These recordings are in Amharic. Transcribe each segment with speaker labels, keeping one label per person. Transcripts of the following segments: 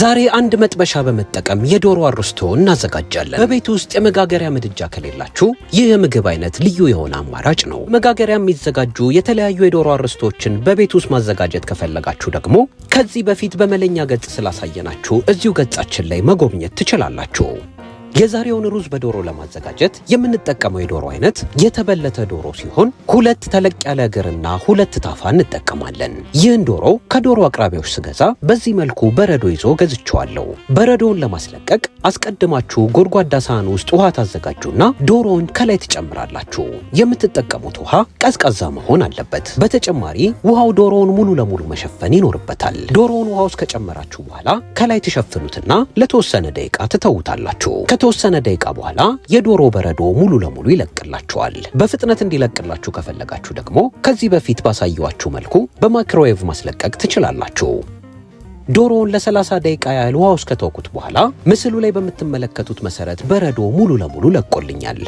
Speaker 1: ዛሬ አንድ መጥበሻ በመጠቀም የዶሮ አሮስቶ እናዘጋጃለን። በቤት ውስጥ የመጋገሪያ ምድጃ ከሌላችሁ ይህ የምግብ አይነት ልዩ የሆነ አማራጭ ነው። መጋገሪያ የሚዘጋጁ የተለያዩ የዶሮ አርስቶችን በቤት ውስጥ ማዘጋጀት ከፈለጋችሁ ደግሞ ከዚህ በፊት በመለኛ ገጽ ስላሳየናችሁ እዚሁ ገጻችን ላይ መጎብኘት ትችላላችሁ። የዛሬውን ሩዝ በዶሮ ለማዘጋጀት የምንጠቀመው የዶሮ አይነት የተበለተ ዶሮ ሲሆን ሁለት ተለቅ ያለ እግርና ሁለት ታፋ እንጠቀማለን። ይህን ዶሮ ከዶሮ አቅራቢዎች ስገዛ በዚህ መልኩ በረዶ ይዞ ገዝቼዋለሁ። በረዶውን ለማስለቀቅ አስቀድማችሁ ጎድጓዳ ሳህን ውስጥ ውሃ ታዘጋጁና ዶሮውን ከላይ ትጨምራላችሁ። የምትጠቀሙት ውሃ ቀዝቃዛ መሆን አለበት። በተጨማሪ ውሃው ዶሮውን ሙሉ ለሙሉ መሸፈን ይኖርበታል። ዶሮውን ውሃ ውስጥ ከጨመራችሁ በኋላ ከላይ ትሸፍኑትና ለተወሰነ ደቂቃ ትተውታላችሁ። ከተወሰነ ደቂቃ በኋላ የዶሮ በረዶ ሙሉ ለሙሉ ይለቅላችኋል። በፍጥነት እንዲለቅላችሁ ከፈለጋችሁ ደግሞ ከዚህ በፊት ባሳየዋችሁ መልኩ በማይክሮዌቭ ማስለቀቅ ትችላላችሁ። ዶሮውን ለ30 ደቂቃ ያህል ውሃ ውስጥ ከተወኩት በኋላ ምስሉ ላይ በምትመለከቱት መሰረት በረዶ ሙሉ ለሙሉ ለቆልኛል።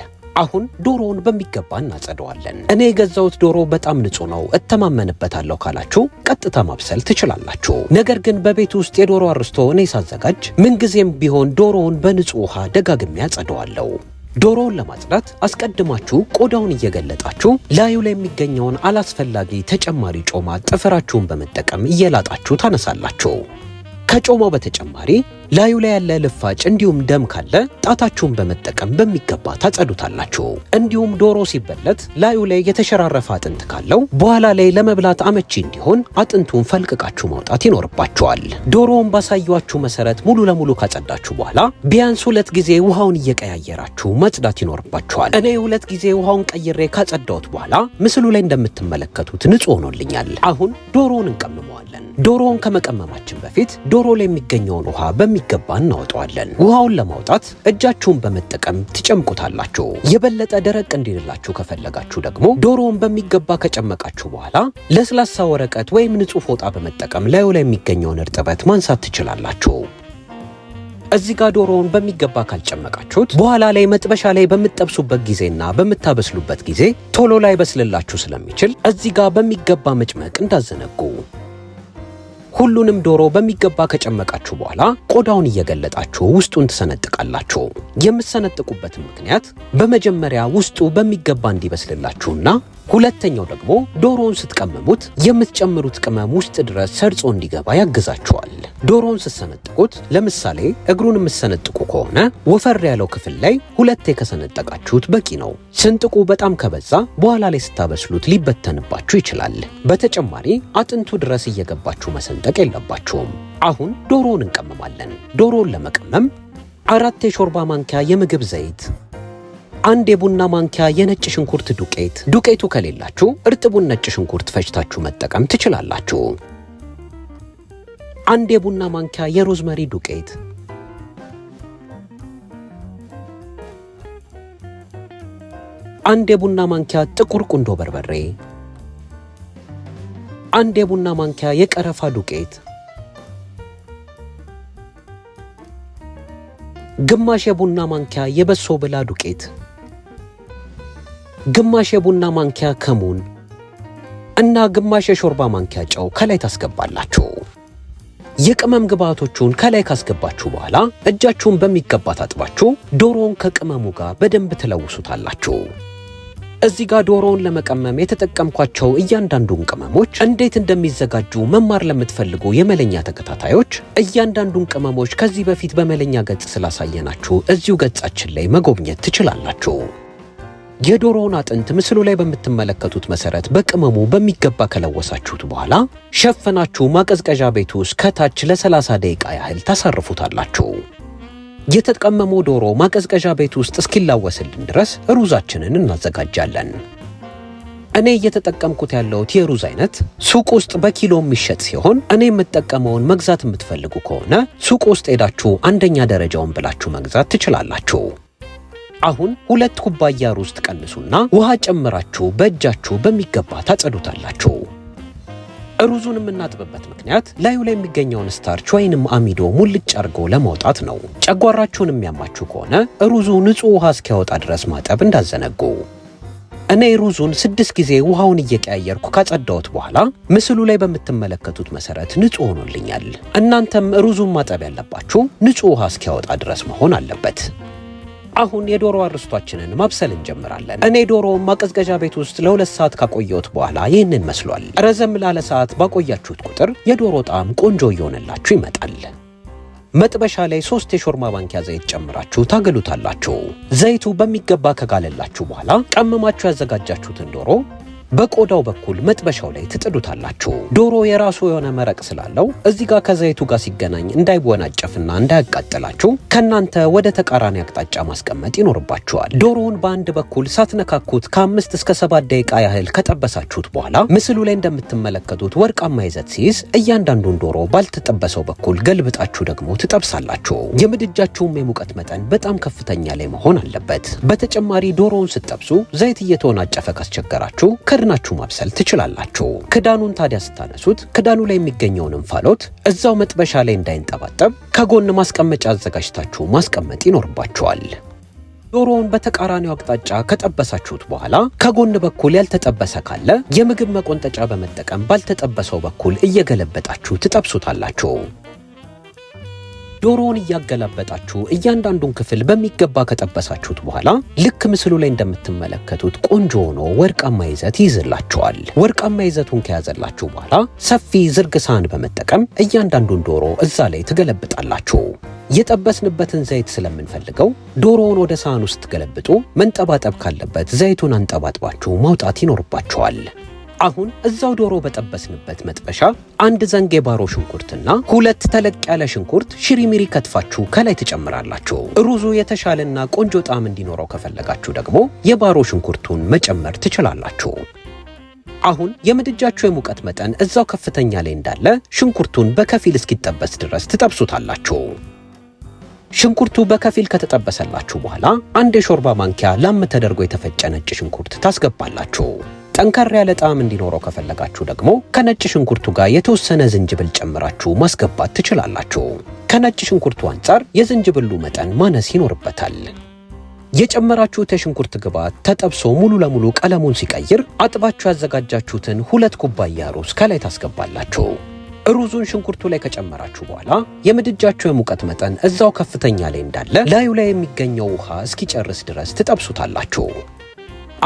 Speaker 1: አሁን ዶሮውን በሚገባ እናጸደዋለን። እኔ የገዛሁት ዶሮ በጣም ንጹህ ነው እተማመንበታለሁ ካላችሁ ቀጥታ ማብሰል ትችላላችሁ። ነገር ግን በቤት ውስጥ የዶሮ አርስቶ እኔ ሳዘጋጅ ምንጊዜም ቢሆን ዶሮውን በንጹህ ውሃ ደጋግሜ አጸደዋለሁ። ዶሮውን ለማጽዳት አስቀድማችሁ ቆዳውን እየገለጣችሁ ላዩ ላይ የሚገኘውን አላስፈላጊ ተጨማሪ ጮማ ጥፍራችሁን በመጠቀም እየላጣችሁ ታነሳላችሁ። ከጮማው በተጨማሪ ላዩ ላይ ያለ ልፋጭ እንዲሁም ደም ካለ ጣታችሁን በመጠቀም በሚገባ ታጸዱታላችሁ። እንዲሁም ዶሮ ሲበለት ላዩ ላይ የተሸራረፈ አጥንት ካለው በኋላ ላይ ለመብላት አመቺ እንዲሆን አጥንቱን ፈልቅቃችሁ ማውጣት ይኖርባችኋል። ዶሮውን ባሳያችሁ መሰረት ሙሉ ለሙሉ ካጸዳችሁ በኋላ ቢያንስ ሁለት ጊዜ ውሃውን እየቀያየራችሁ መጽዳት ይኖርባችኋል። እኔ ሁለት ጊዜ ውሃውን ቀይሬ ካጸዳሁት በኋላ ምስሉ ላይ እንደምትመለከቱት ንጹህ ሆኖልኛል። አሁን ዶሮውን እንቀምመዋለን። ዶሮውን ከመቀመማችን በፊት ዶሮ ላይ የሚገኘውን ውሃ በሚ በሚገባ እናወጣዋለን። ውሃውን ለማውጣት እጃችሁን በመጠቀም ትጨምቁታላችሁ። የበለጠ ደረቅ እንዲልላችሁ ከፈለጋችሁ ደግሞ ዶሮውን በሚገባ ከጨመቃችሁ በኋላ ለስላሳ ወረቀት ወይም ንጹህ ፎጣ በመጠቀም ላዩ ላይ የሚገኘውን እርጥበት ማንሳት ትችላላችሁ። እዚህ ጋር ዶሮውን በሚገባ ካልጨመቃችሁት በኋላ ላይ መጥበሻ ላይ በምትጠብሱበት ጊዜና በምታበስሉበት ጊዜ ቶሎ ላይ በስልላችሁ ስለሚችል እዚህ ጋር በሚገባ መጭመቅ እንዳዘነጉ ሁሉንም ዶሮ በሚገባ ከጨመቃችሁ በኋላ ቆዳውን እየገለጣችሁ ውስጡን ትሰነጥቃላችሁ። የምትሰነጥቁበትን ምክንያት በመጀመሪያ ውስጡ በሚገባ እንዲበስልላችሁና ሁለተኛው ደግሞ ዶሮውን ስትቀመሙት የምትጨምሩት ቅመም ውስጥ ድረስ ሰርጾ እንዲገባ ያግዛችኋል። ዶሮውን ስትሰነጥቁት ለምሳሌ እግሩን የምትሰነጥቁ ከሆነ ወፈር ያለው ክፍል ላይ ሁለቴ ከሰነጠቃችሁት በቂ ነው። ስንጥቁ በጣም ከበዛ በኋላ ላይ ስታበስሉት ሊበተንባችሁ ይችላል። በተጨማሪ አጥንቱ ድረስ እየገባችሁ መሰንጠቅ የለባችሁም። አሁን ዶሮውን እንቀመማለን። ዶሮውን ለመቀመም አራት የሾርባ ማንኪያ የምግብ ዘይት አንድ የቡና ማንኪያ የነጭ ሽንኩርት ዱቄት። ዱቄቱ ከሌላችሁ እርጥቡን ነጭ ሽንኩርት ፈጭታችሁ መጠቀም ትችላላችሁ። አንድ የቡና ማንኪያ የሮዝመሪ ዱቄት፣ አንድ የቡና ማንኪያ ጥቁር ቁንዶ በርበሬ፣ አንድ የቡና ማንኪያ የቀረፋ ዱቄት ግማሽ የቡና ማንኪያ የበሶ ብላ ዱቄት ግማሽ የቡና ማንኪያ ከሙን እና ግማሽ የሾርባ ማንኪያ ጨው ከላይ ታስገባላችሁ። የቅመም ግብዓቶቹን ከላይ ካስገባችሁ በኋላ እጃችሁን በሚገባ ታጥባችሁ ዶሮውን ከቅመሙ ጋር በደንብ ትለውሱታላችሁ። እዚህ ጋር ዶሮውን ለመቀመም የተጠቀምኳቸው እያንዳንዱን ቅመሞች እንዴት እንደሚዘጋጁ መማር ለምትፈልጉ የመለኛ ተከታታዮች እያንዳንዱን ቅመሞች ከዚህ በፊት በመለኛ ገጽ ስላሳየናችሁ እዚሁ ገጻችን ላይ መጎብኘት ትችላላችሁ። የዶሮውን አጥንት ምስሉ ላይ በምትመለከቱት መሰረት በቅመሙ በሚገባ ከለወሳችሁት በኋላ ሸፈናችሁ ማቀዝቀዣ ቤት ውስጥ ከታች ለ30 ደቂቃ ያህል ታሳርፉታላችሁ። የተቀመመው ዶሮ ማቀዝቀዣ ቤት ውስጥ እስኪላወስልን ድረስ ሩዛችንን እናዘጋጃለን። እኔ እየተጠቀምኩት ያለሁት የሩዝ አይነት ሱቅ ውስጥ በኪሎ የሚሸጥ ሲሆን እኔ የምጠቀመውን መግዛት የምትፈልጉ ከሆነ ሱቅ ውስጥ ሄዳችሁ አንደኛ ደረጃውን ብላችሁ መግዛት ትችላላችሁ። አሁን ሁለት ኩባያ ሩዝ ትቀንሱና ውሃ ጨምራችሁ በእጃችሁ በሚገባ ታጸዱታላችሁ። ሩዙን የምናጥብበት ምክንያት ላዩ ላይ የሚገኘውን ስታርች ወይንም አሚዶ ሙልጭ አድርጎ ለማውጣት ነው። ጨጓራችሁን የሚያማችሁ ከሆነ ሩዙ ንጹህ ውሃ እስኪያወጣ ድረስ ማጠብ እንዳዘነጉ። እኔ ሩዙን ስድስት ጊዜ ውሃውን እየቀያየርኩ ካጸዳሁት በኋላ ምስሉ ላይ በምትመለከቱት መሰረት ንጹህ ሆኖልኛል። እናንተም ሩዙን ማጠብ ያለባችሁ ንጹህ ውሃ እስኪያወጣ ድረስ መሆን አለበት። አሁን የዶሮ አርስቷችንን ማብሰል እንጀምራለን። እኔ ዶሮ ማቀዝቀዣ ቤት ውስጥ ለሁለት ሰዓት ካቆየሁት በኋላ ይህንን መስሏል። ረዘም ላለ ሰዓት ባቆያችሁት ቁጥር የዶሮ ጣዕም ቆንጆ እየሆነላችሁ ይመጣል። መጥበሻ ላይ ሶስት የሾርማ ማንኪያ ዘይት ጨምራችሁ ታገሉታላችሁ። ዘይቱ በሚገባ ከጋለላችሁ በኋላ ቀመማችሁ ያዘጋጃችሁትን ዶሮ በቆዳው በኩል መጥበሻው ላይ ትጥዱታላችሁ። ዶሮ የራሱ የሆነ መረቅ ስላለው እዚህ ጋር ከዘይቱ ጋር ሲገናኝ እንዳይወናጨፍና እንዳያቃጥላችሁ ከእናንተ ወደ ተቃራኒ አቅጣጫ ማስቀመጥ ይኖርባችኋል። ዶሮውን በአንድ በኩል ሳትነካኩት ከአምስት እስከ ሰባት ደቂቃ ያህል ከጠበሳችሁት በኋላ ምስሉ ላይ እንደምትመለከቱት ወርቃማ ይዘት ሲይዝ እያንዳንዱን ዶሮ ባልተጠበሰው በኩል ገልብጣችሁ ደግሞ ትጠብሳላችሁ። የምድጃችሁም የሙቀት መጠን በጣም ከፍተኛ ላይ መሆን አለበት። በተጨማሪ ዶሮውን ስትጠብሱ ዘይት እየተወናጨፈ ካስቸገራችሁ ከድናችሁ ማብሰል ትችላላችሁ። ክዳኑን ታዲያ ስታነሱት ክዳኑ ላይ የሚገኘውን እንፋሎት እዛው መጥበሻ ላይ እንዳይንጠባጠብ ከጎን ማስቀመጫ አዘጋጅታችሁ ማስቀመጥ ይኖርባችኋል። ዶሮውን በተቃራኒው አቅጣጫ ከጠበሳችሁት በኋላ ከጎን በኩል ያልተጠበሰ ካለ የምግብ መቆንጠጫ በመጠቀም ባልተጠበሰው በኩል እየገለበጣችሁ ትጠብሱታላችሁ። ዶሮውን እያገላበጣችሁ እያንዳንዱን ክፍል በሚገባ ከጠበሳችሁት በኋላ ልክ ምስሉ ላይ እንደምትመለከቱት ቆንጆ ሆኖ ወርቃማ ይዘት ይይዝላችኋል። ወርቃማ ይዘቱን ከያዘላችሁ በኋላ ሰፊ ዝርግ ሳህን በመጠቀም እያንዳንዱን ዶሮ እዛ ላይ ትገለብጣላችሁ። የጠበስንበትን ዘይት ስለምንፈልገው ዶሮውን ወደ ሳህን ውስጥ ገለብጡ። መንጠባጠብ ካለበት ዘይቱን አንጠባጥባችሁ ማውጣት ይኖርባችኋል። አሁን እዛው ዶሮ በጠበስንበት መጥበሻ አንድ ዘንግ የባሮ ሽንኩርትና ሁለት ተለቅ ያለ ሽንኩርት ሽሪሚሪ ከትፋችሁ ከላይ ትጨምራላችሁ። ሩዙ የተሻለና ቆንጆ ጣዕም እንዲኖረው ከፈለጋችሁ ደግሞ የባሮ ሽንኩርቱን መጨመር ትችላላችሁ። አሁን የምድጃችሁ የሙቀት መጠን እዛው ከፍተኛ ላይ እንዳለ ሽንኩርቱን በከፊል እስኪጠበስ ድረስ ትጠብሱታላችሁ። ሽንኩርቱ በከፊል ከተጠበሰላችሁ በኋላ አንድ የሾርባ ማንኪያ ላም ተደርጎ የተፈጨ ነጭ ሽንኩርት ታስገባላችሁ። ጠንከር ያለ ጣዕም እንዲኖረው ከፈለጋችሁ ደግሞ ከነጭ ሽንኩርቱ ጋር የተወሰነ ዝንጅብል ጨምራችሁ ማስገባት ትችላላችሁ። ከነጭ ሽንኩርቱ አንጻር የዝንጅብሉ መጠን ማነስ ይኖርበታል። የጨመራችሁት የሽንኩርት ግብዓት ተጠብሶ ሙሉ ለሙሉ ቀለሙን ሲቀይር አጥባችሁ ያዘጋጃችሁትን ሁለት ኩባያ ሩዝ ከላይ ታስገባላችሁ። ሩዙን ሽንኩርቱ ላይ ከጨመራችሁ በኋላ የምድጃችሁ የሙቀት መጠን እዛው ከፍተኛ ላይ እንዳለ ላዩ ላይ የሚገኘው ውሃ እስኪጨርስ ድረስ ትጠብሱታላችሁ።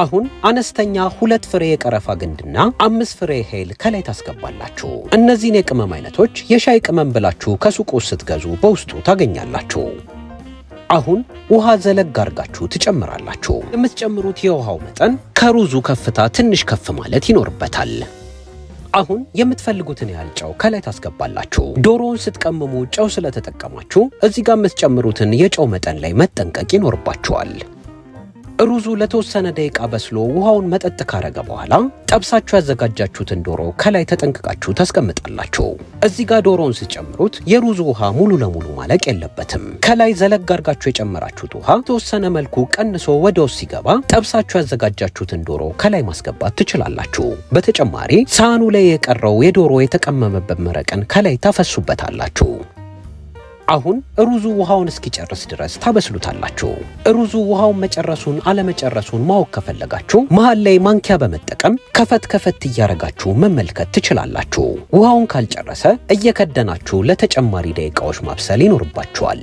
Speaker 1: አሁን አነስተኛ ሁለት ፍሬ የቀረፋ ግንድና አምስት ፍሬ ሄል ከላይ ታስገባላችሁ። እነዚህን የቅመም አይነቶች የሻይ ቅመም ብላችሁ ከሱቁ ስትገዙ በውስጡ ታገኛላችሁ። አሁን ውሃ ዘለግ አርጋችሁ ትጨምራላችሁ። የምትጨምሩት የውሃው መጠን ከሩዙ ከፍታ ትንሽ ከፍ ማለት ይኖርበታል። አሁን የምትፈልጉትን ያህል ጨው ከላይ ታስገባላችሁ። ዶሮውን ስትቀምሙ ጨው ስለተጠቀማችሁ እዚህ ጋር የምትጨምሩትን የጨው መጠን ላይ መጠንቀቅ ይኖርባችኋል። ሩዙ ለተወሰነ ደቂቃ በስሎ ውሃውን መጠጥ ካረገ በኋላ ጠብሳችሁ ያዘጋጃችሁትን ዶሮ ከላይ ተጠንቅቃችሁ ታስቀምጣላችሁ። እዚህ ጋር ዶሮውን ስጨምሩት የሩዙ ውሃ ሙሉ ለሙሉ ማለቅ የለበትም። ከላይ ዘለግ አድርጋችሁ የጨመራችሁት ውሃ ተወሰነ መልኩ ቀንሶ ወደ ውስጥ ሲገባ ጠብሳችሁ ያዘጋጃችሁትን ዶሮ ከላይ ማስገባት ትችላላችሁ። በተጨማሪ ሳህኑ ላይ የቀረው የዶሮ የተቀመመበት መረቅን ከላይ ታፈሱበታላችሁ። አሁን ሩዙ ውሃውን እስኪጨርስ ድረስ ታበስሉታላችሁ። ሩዙ ውሃውን መጨረሱን አለመጨረሱን ማወቅ ከፈለጋችሁ መሃል ላይ ማንኪያ በመጠቀም ከፈት ከፈት እያረጋችሁ መመልከት ትችላላችሁ። ውሃውን ካልጨረሰ እየከደናችሁ ለተጨማሪ ደቂቃዎች ማብሰል ይኖርባችኋል።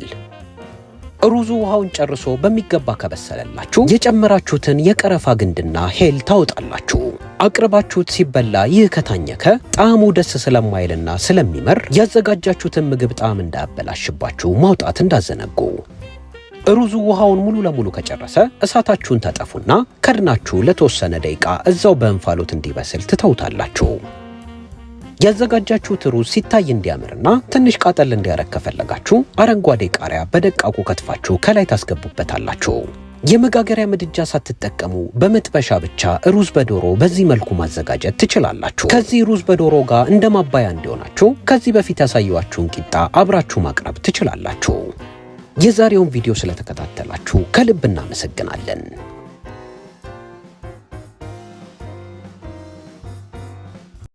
Speaker 1: ሩዙ ውሃውን ጨርሶ በሚገባ ከበሰለላችሁ የጨመራችሁትን የቀረፋ ግንድና ሄል ታወጣላችሁ። አቅርባችሁት ሲበላ ይህ ከታኘከ ጣዕሙ ደስ ስለማይልና ስለሚመር ያዘጋጃችሁትን ምግብ ጣዕም እንዳያበላሽባችሁ ማውጣት እንዳዘነጉ። ሩዙ ውሃውን ሙሉ ለሙሉ ከጨረሰ እሳታችሁን ተጠፉና ከድናችሁ ለተወሰነ ደቂቃ እዛው በእንፋሎት እንዲበስል ትተውታላችሁ። ያዘጋጃችሁት ሩዝ ሲታይ እንዲያምርና ትንሽ ቃጠል እንዲያረግ ከፈለጋችሁ አረንጓዴ ቃሪያ በደቃቁ ከትፋችሁ ከላይ ታስገቡበታላችሁ። የመጋገሪያ ምድጃ ሳትጠቀሙ በመጥበሻ ብቻ ሩዝ በዶሮ በዚህ መልኩ ማዘጋጀት ትችላላችሁ። ከዚህ ሩዝ በዶሮ ጋር እንደ ማባያ እንዲሆናችሁ ከዚህ በፊት ያሳየኋችሁን ቂጣ አብራችሁ ማቅረብ ትችላላችሁ። የዛሬውን ቪዲዮ ስለተከታተላችሁ ከልብ እናመሰግናለን።